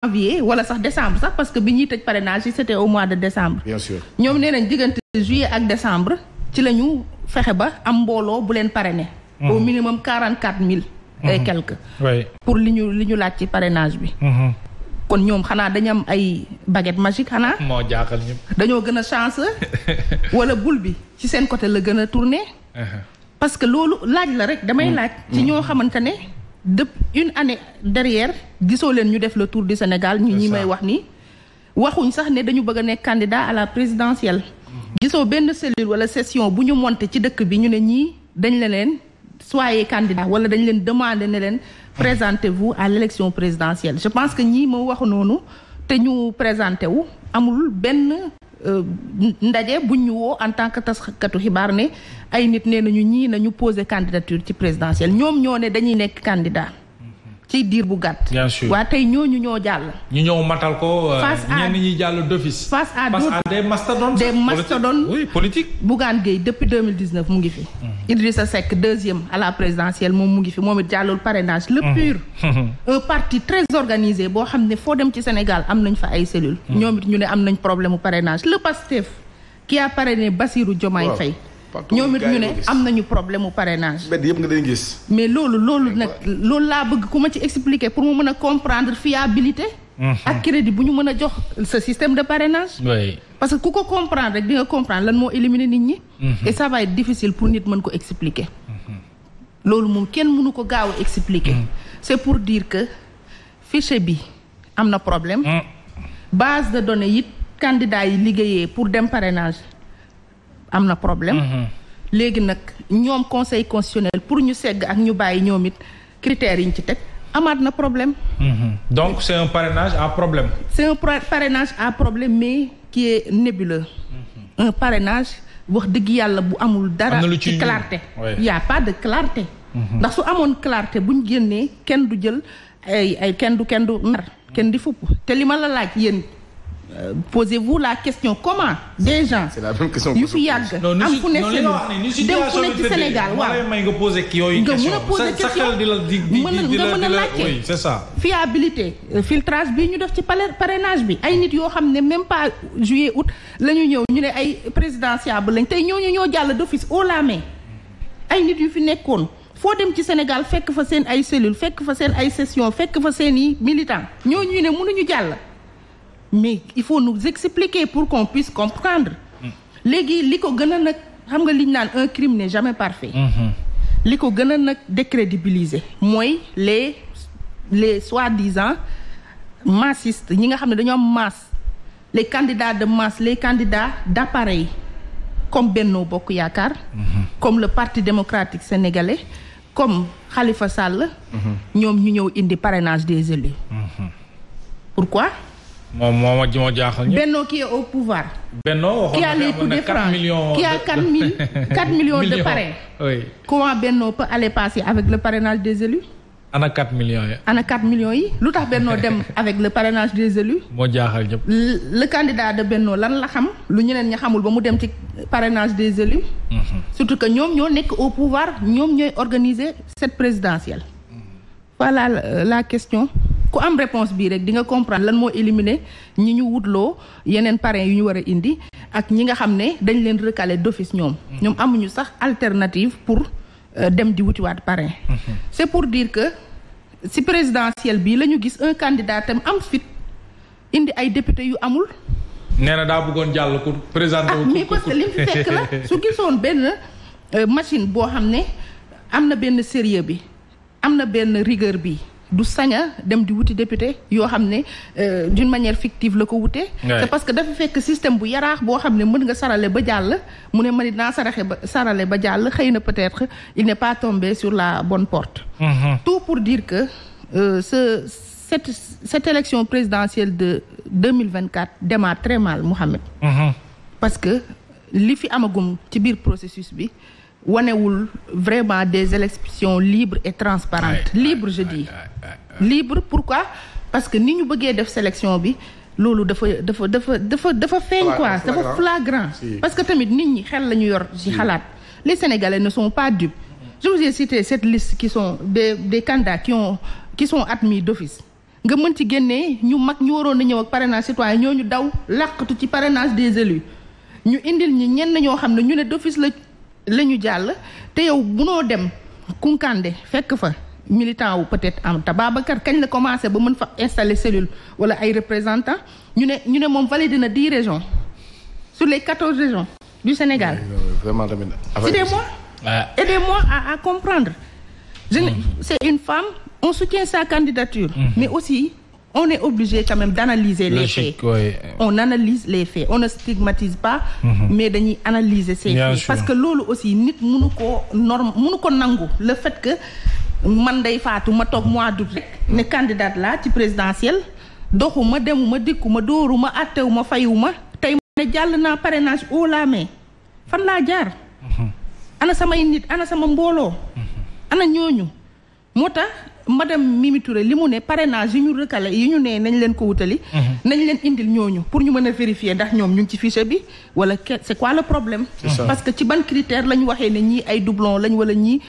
janvier wala sax décembre sax parce que bi ñuy tëj parrainage yi c'était au mois de décembre. bien sûr ñoom nee nañ diggante juillet ak décembre ci la ñu fexe ba am mbooloo bu leen parrainé. Mm-hmm. au minimum quarante quatre mille. Mm-hmm. Mm-hmm. kon ñoom xanaa dañu ay baguette magique xanaa. dañoo gën a chance wala bul bi ci seen côté la gën a tourné. Uh-huh. loolu laaj la rek damay laaj. ci ñoo xamante depuis une année derrière gisoo leen ñu def le tour du Sénégal ñu ñi may wax ni waxuñ sax ne dañu bëgg a nekk candidat à la présidentielle gisoo benn cellule wala session bu ñu monté ci dëkk bi ñu ne ñii dañ la leen soyez candidat wala dañ leen demander ne leen présentez-vous à l'élection présidentielle je pense que ñii ma wax noonu te ñu présenté wu amul benn Euh, ndaje bu ñu woo en tant que taskatu xibaar ne ay nit nee nañu ñii ñu poser candidature ci présidentielle ñoom ñoo ne dañuy nekk candidat ci diir bu gàtt. bien sûr waa tey ñooñu ñoo jàll. ñu ñëw matal ko. Euh, face à ñenn ñi jàll d'office. face à des mastodontes. des mastodontes oui politique. Bougane Gueye depuis mu ngi fi. Mhm. Idrissa Seck deuxième à présidentielle moom mu ngi fi moom it jàllul parrainage. le mhm. pur. un parti très organisé boo xam ne foo dem ci Sénégal am nañ fa ay cellules. Mhm. ñoom it ñu ne am nañ problème mu parrainage le ki qui a ne Bassirou Diomaye Faye. ñoom it ñu ne am nañu problème mu parrainage. yëpp nga day gis. mais loolu loolu nag loolu laa bëgg ku ma ci expliquer pour mu mën a comprendre fiabilité. Mhm. ak crédit bu ñu mën a jox sa système de parrainage. oui parce que ku ko comprendre rek di nga comprendre lan moo éliminer nit ñi. Mhm. et ça va être difficile pour nit mën ko expliquer. Mhm. loolu moom kenn mënu ko gaaw a expliquer. c'est pour dire que fichier bi am na problème. base de données yi candidat yi liggéeyee pour dem parrainage. am na problème. Mhm. léegi nag ñoom conseil constitutionnel pour ñu segg ak ñu bàyyi ñoom it critères yi ñu ci teg amaat na problème. Mhm. donc c'est un parrainage à problème. c'est un parrainage à problème mais ki est nébuleux. Mhm. un parrainage wax dëgg yàlla bu amul dara. ci clarté y a pas de clarté. ndax su amoon clarté buñ génnee kenn du jël ay ay kenn du kenn du mer kenn di fupp te li ma la laaj yéen. posez-vous la question comment des gens yu fi yàgg am fu ne ci dem fu ne ci Sénégal waaw may nga poser yooyu nga mën a poser question mën nga mën a laajte c'est ça fiabilité euh, filtrage bi ñu def ci parrainage bi ay nit yoo xam ne même pas juillet août la ñu ñëw ñu ne ay présidentiable lañ tey ñooñu ñoo jàll d'office haut la main ay nit yu fi nekkoon foo dem ci Sénégal fekk fa seen ay cellule fekk fa seen ay session fekk fa seeni i militant ñooñu ne mënuñu jàll mais il faut nous expliquer pour qu'on puisse comprendre léegi li ko gën a nag xam nga liñ naan un crime n'est jamais parfait li ko gën a nag décrédibiliser mooy les les soi-disant massistes ñi nga xam ne dañoom am masse les candidats de masse les candidats d'appareil comme Benno Bokk Yaakaar comme le Parti démocratique sénégalais comme xalifa Sall mhm. ñoom ñu ñëw indi parrainage des élus mhm. pourquoi moom moo ma moo jaaxal ñëpp. Benno qui est au pouvoir. Benno waxoon na a les coups de franc a 4 millions de parrains. comment Benno peut aller passer avec le parrainage des élus. ana 4 millions yi. ana 4 lu tax Benno dem avec le parrainage des élus. moo jaaxal ñëpp. le candidat de Benno lan la xam. lu ñeneen ña xamul ba mu dem ci parrainage des élus. Mm-hmm. surtout que ñoom ñoo nekk au pouvoir ñoom ñooy organiser cette présidentielle. Mm-hmm. voilà la question. ku am réponse bii rek di nga comprendre lan moo éliminer ñi ñu wutloo yeneen parrain yu ñu war a indi ak ñi nga xam ne dañ leen recalé d'office ñoom mm-hmm. ñoom amuñu sax alternative pour euh, dem di wutiwaat parrain mm-hmm. c'est pour diir que si présidentielle bi la ñu gis un candidat tam am fit indi ay député yu amul nee daa bëggoon jàll pour présenter ah mais parce que li mu fi fekk la su gisoon benn euh, machine boo xam ne am na benn sérieux bi am na benn rigueur bi du sañ dem di wuti député yoo xam ne euh, d'une manière fictive la ko wute c'est parce que dafa fekk système bu yaraax boo xam ne mën nga sarale ba jàll mu ne ma ni naa saraxe ba sarale ba jàll xëy na peut-être il n'est pas tombé sur la bonne porte mm-hmm. tout pour dire que euh, ce cette cette élection présidentielle de 2024 démarre très mal Mohamed mm-hmm. parce que li fi amagum ci biir procesus bi wanewul vraiment des élections libres et transparentes libre je libres libre pourquoi parce que ni ñu bëggee def sélection bi loolu dafa dafa dafa dafa dafa feeñ quoi dafa flagrant parce que tamit nit ñi xel la ñu yor ci xalaat les sénégalais ne sont pas dupes je vous ai cité cette liste qui son des des candidats qui ont admis d'office nga mën ci génnee ñu mag ñu waroon na ñëw ak parrainage citoyen ñoo ñu daw làqatu ci parrainage des élus ñu indil ñi ñenn ñoo xam ne ñu ne d'office la la ñu jàll te yow bunoo dem Kunkande fekk fa militant wu peut-être am ta Babacar kañ la commencé ba mën fa installer cellule wala ay représentant ñu ne ñu ne moom valide na dix régions sur les quatorze régions du Sénégal. vraiment tamit aidez-moi aidez-moi à comprendre. je mm. c'est une femme on soutient sa candidature. Mm. mais aussi on est obligé quand même d'analyser les faits. On analyse les faits. On ne stigmatise pas, mhm. mais dañuy analyser ces faits. Parce que loolu aussi nit mënu ko norme mënu ko nangu le fait que man day faatu ma toog mois d'août rek ne candidate la ci présidentielle doxuma demuma dikkuma dóoruma àttewuma fayuma tey ma ne jàll naa parrainage haut la main fan laa jaar mhm. ana samay nit ana sama mbooloo mhm. ana ñooñu moo tax madame Mimi Touré li mu ne parrainage yi ñu recalé yi ñu nee nañ leen ko wutali. Mhm. nañ leen indil ñooñu pour ñu mën a vérifier ndax ñoom ñu ngi ci fichier bi wala c'est quoi le problème. parce que ci ban critère la ñu waxee ne ñii ay doublon lañ wala ñii.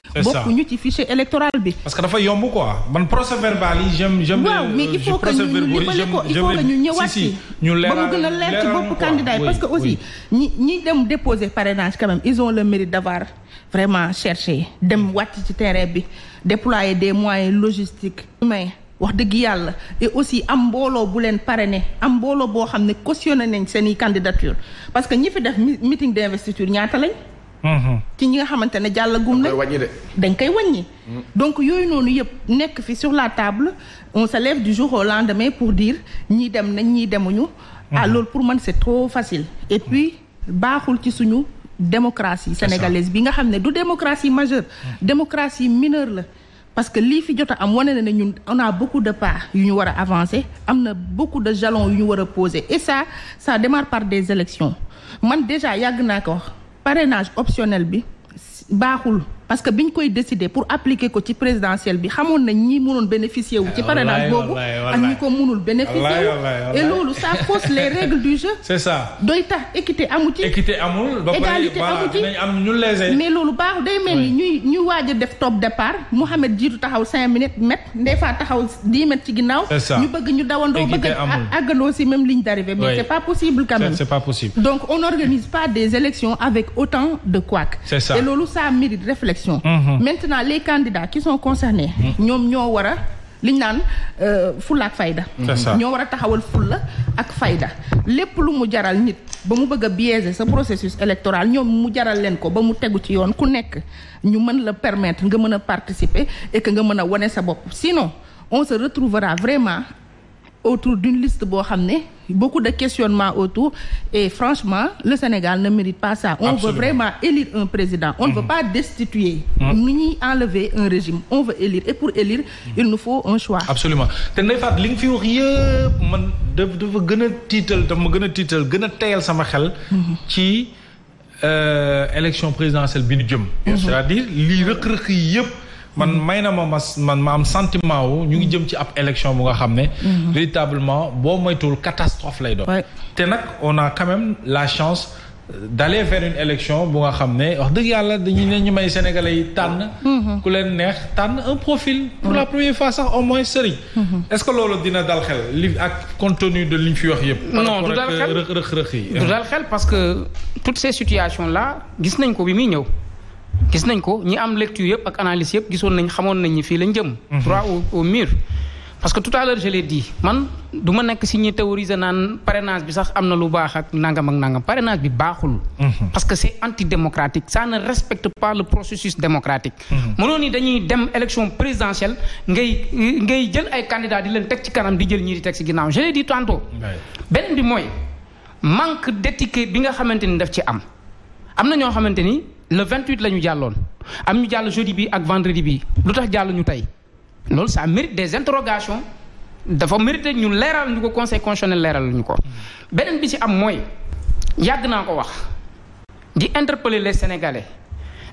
ñu ci fichier électoral bi. parce que dafa yomb quoi waaw mais il faut que ñu dimbali ko il faut que ñu ñëwaat ci. ñu leeral ba mu gën a leer ci bopp candidat parce que aussi ñi ñi dem déposer parrainage quand même ils ont le mérite d'avoir vraiment chercher dem mm. wàcc ci terrain bi déployer des moyens logistiques humains wax dëgg yàlla et aussi am mbooloo bu leen ne am mbooloo boo xam ne cautionné nañ seeni candidature parce que ñi fi def meeting d'investiture ñaata lañ mm-hmm. ci ñi nga xamante ne jàllagum na dañ koy wàññi mm. donc yooyu noonu yëpp nekk fi sur la table on se lève du jour au lendemain pour diir ñi dem nañ ñii demuñu mm-hmm. ah loolu pour man c'est trop facile et puis baaxul ci suñu démocratie sénégalaise bi nga xam ne du démocratie majeure hmm. démocratie mineure la parce que lii fi jot am wane na ne ñun on a beaucoup de pas yu ñu war a avancer am na beaucoup de jalons yu ñu war a poser et ça ça démar par des élections man déjà yàgg naa ko wax parrainage optionnel bi baaxul parce que bi ñu koy décider pour appliquer ko ci présidentielle bi xamoon nañ ñi mënoon bénéficier wu ci parrainage boobu ak ñi ko mënul bénéficier et loolu ça fausse les règles du jeu c'est ça doy tax équité amu ci équité amul ba am ñu lésé mais loolu baaxul day mel ni ñuy ñuy waaj a def top départ Mouhamed jiitu taxaw cinq minutes mètre Ndefa taxaw dix mètres ci ginnaaw ñu bëgg ñu dawandoo bëgg àggandoo si même ligne d'arrivée mais c'est pas possible quand même c'est pas possible donc on n'organise pas des élections avec autant de couac et élection mhm. maintenant les candidats qui sont concernés mhm. ñoom ñoo war a liñ naan euh, fulla ak fayda ñoo war a taxawal fulla ak fayda lépp lu mu jaral nit ba mu bëgg a sa processus électoral ñoom mu jaral leen ko ba mu tegu ci yoon ku nekk ñu mën la permettre nga mën a participer et nga mën a wone sa bopp sinon on se retrouvera vraiment autour d'une liste boo xam ne beaucoup de questionnements autour et franchement le Sénégal ne mérite pas ça on Absolument. veut vraiment élire un président on ne mm -hmm. veut mm-hmm. pas destituer mm-hmm. ni ñuy enlever un régime on veut élire et pour élire mm -hmm. il nous faut un choix absolument te Ndeye Fatou li nga fi wax yëpp man dafa gën a tiital dafa ma gën a tiital gën a teyal sama xel mm-hmm. ci euh, élection présidentielle bi ñu jëm c'est-à-dire lii rëq-rëq yëpp man may na ma mas man ma am sentiment wu ñu ngi jëm ci ab élection bu nga xam ne mhm. véritablement boo moytuwul catastrophe lay doon te nag on a quand la chance d'aller vers une élection bu nga xam ne wax dëgg yàlla dañu ne ñu may sénégalais yi tànn mhm. ku leen neex tànn un profil pour la première fois sax au moins sëriñ mhm. est-ce que loolu dina dal xel li ak compte de li ñu fi wax yëpp non euh, du dal xel parce que toutes ces situations la gis nañ ko bi muy ñëw gis nañ ko ñi am lecture yëpp ak analyse yëpp gisoon nañ xamoon nañ ni fii lañ jëm. droit mhm. au au mur. parce que tout à l'heure man du nekk si ñuy théoriser naan parrainage bi sax am na lu baax ak nangam ak nangam parrainage bi baaxul. Mhm. parce que c'est antidémocratique ça ne respecte pas le processus démocratique. Mhm. mënoon dañuy dem élection présidentielle ngay ngay jël ay candidats di leen teg ci kanam di jël ñii di teg ci ginnaaw je l'ai dit tantôt. beneen bi nga xamante ni daf ci am. am na ñoo le 28 la ñu jàlloon am ñu jàll jeudi bi ak vendredi bi lu tax jàll ñu tey loolu ça mérite des interrogations dafa mérite ñu leeral ñu ko conseil constitutionnel leeral ñu ko. beneen bi ci am mooy yàgg naa ko wax di interpeller les sénégalais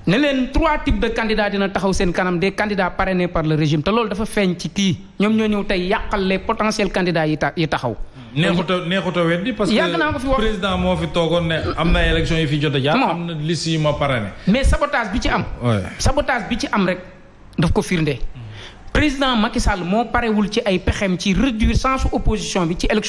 ne leen trois types de candidats dina taxaw seen kanam des candidats parrainés par le régime te loolu dafa feeñ ci kii ñoom ñoo ñëw tey yàqal les potentiels candidats yi ta yi taxaw. neexut a weddi parce que président moo fi toogoon ne am na élection yi fi jot a jaar. am na liste yi ma mais sabotage bi ci am. sabotage bi ci am rek daf ko firnde. président Macky Sall moo parewul ci ay pexem ci réduire sans opposition bi ci élection.